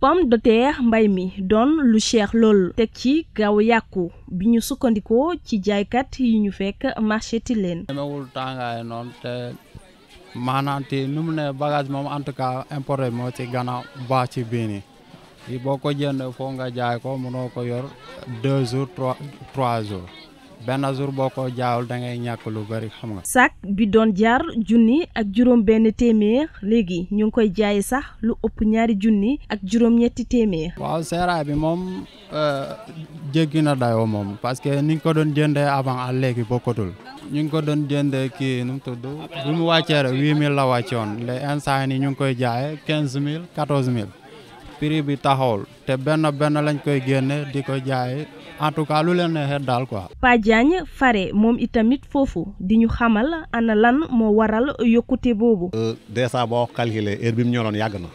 pomme de terre mbay mi doon lu cher lool teg ci gaaw yàqu bi ñu sukkandikoo ci jaaykat yi ñu fekk marché Tilène. demewul tàngaay noonu te maanaam te ne bagage moom en tout cas moo ci gën baax ci biini yi boo ko jënd foo nga jaay ko mënoo ko yor deux jours trois jours. benn jour boo ko jaawul dangay ñàkk lu bari xam nga. sac bi doon jaar junni ak juróom benn téeméer léegi ñu ngi koy jaaye sax lu ëpp ñaari junni ak juróom ñetti téeméer. waaw seeraay bi moom euh, jéggi na dayoo moom parce que ni ñu ko doon jëndee avant ak léegi bokkatul. ñu ngi ko doon jëndee kii nu mu tudd bu mu wàccee rek huit mille woon wàccoon les instant yi ñu ngi koy jaayee quinze mille quatorze mille. prix bi taxawul te benn benn lañ koy génne di ko jaay en tout cas lu leen neexee daal quoi. Pa Diagne Fare moom itamit foofu di ñu xamal ana lan moo waral yokkute boobu. Euh, dèjà boo calculé heure bi mu ñoroon yàgg na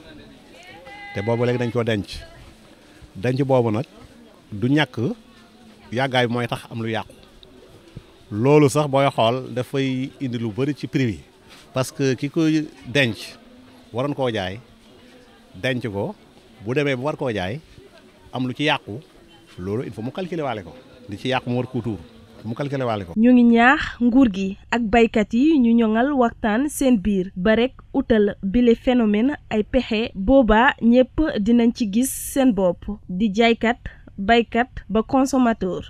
te boobu léegi dañ koo denc denc boobu nag du ñàkk yàggaay bi mooy tax am lu yàqu loolu sax booy xool dafay indi lu bëri ci prix bi parce que ki koy denc waroon koo jaay denc ko bu demee bu war koo jaay am lu ci yàqu loolu il faut mu calculer waale ko li ci yàqu mu war koo ko. ñu ngi ñaax nguur gi ak baykat yi ñu ñoŋal waxtaan seen biir ba rek utal bile phénomène ay pexe boobaa ñëpp dinañ ci gis seen bopp di jaaykat baykat ba consommateur.